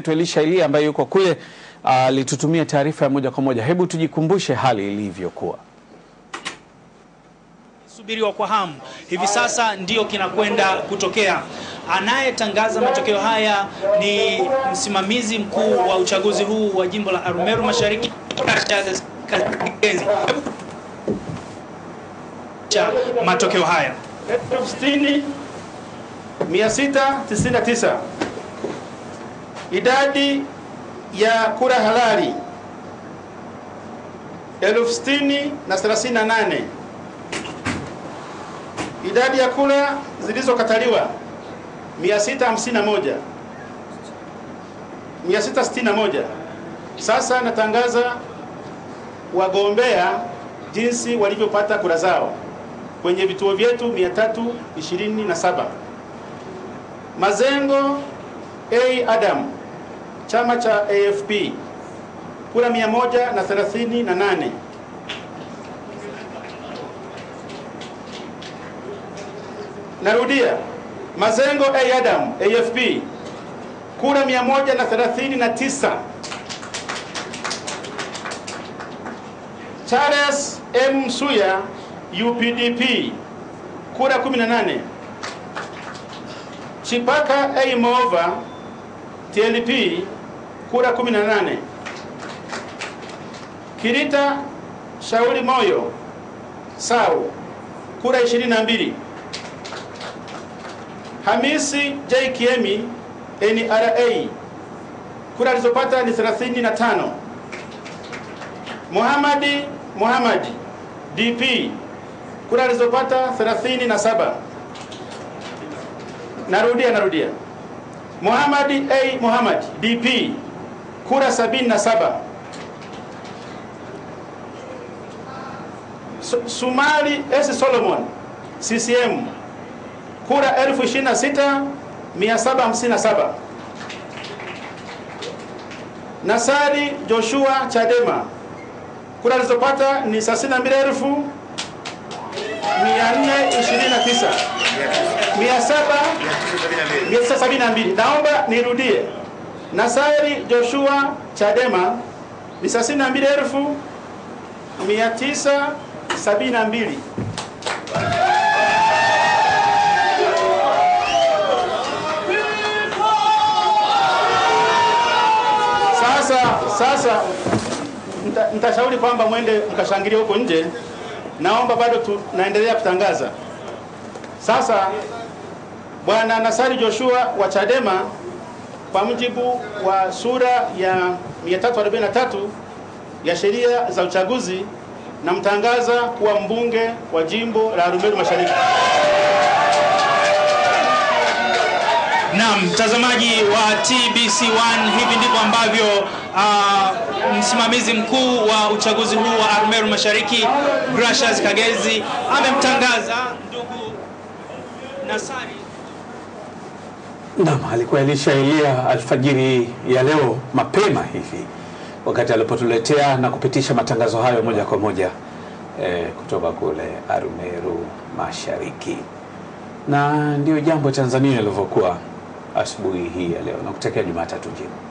wetu Elisha Elia ambaye yuko kule alitutumia taarifa ya moja kwa moja. Hebu tujikumbushe hali ilivyokuwa subiriwa kwa hamu hivi sasa, ndio kinakwenda kutokea. Anayetangaza matokeo haya ni msimamizi mkuu wa uchaguzi huu wa jimbo la Arumeru Mashariki cha matokeo haya 699 idadi ya kura halali elfu idadi ya kura zilizokataliwa 651 661 sasa natangaza wagombea jinsi walivyopata kura zao kwenye vituo vyetu 327 Mazengo A Adam chama cha AFP kura 138 Narudia, Mazengo A Adam AFP kura 139. Charles M Msuya UPDP kura 18. Chipaka A Mova TLP kura 18 Kirita Shauri Moyo Sau kura 22 Hamisi JKM NRA kura alizopata ni 35 Muhamadi Muhamadi DP kura alizopata 37 Narudia narudia Muhamadi A Muhamadi DP kura sabini na saba Sumali S. Solomon CCM kura elfu ishirini sita mia saba hamsini saba Nasari Joshua Chadema kura alizopata ni 32429 772. Naomba nirudie Nasari Joshua Chadema ni 62972 Sasa sasa mtashauri kwamba mwende mkashangilia huko nje. Naomba bado tunaendelea kutangaza. Sasa Bwana Nasari Joshua wa Chadema kwa mujibu wa sura ya 343 ya sheria za uchaguzi namtangaza kuwa mbunge wa jimbo la Arumeru Mashariki. Naam, mtazamaji wa TBC1, hivi ndivyo ambavyo uh, msimamizi mkuu wa uchaguzi huu wa Arumeru Mashariki Gracious Kagezi amemtangaza ndugu Nasari Naam, alikuwa Elisha Elia alfajiri ya leo mapema hivi wakati alipotuletea na kupitisha matangazo hayo moja kwa moja e, kutoka kule Arumeru Mashariki, na ndio jambo Tanzania ilivyokuwa asubuhi hii ya leo, na kutakia Jumatatu njema.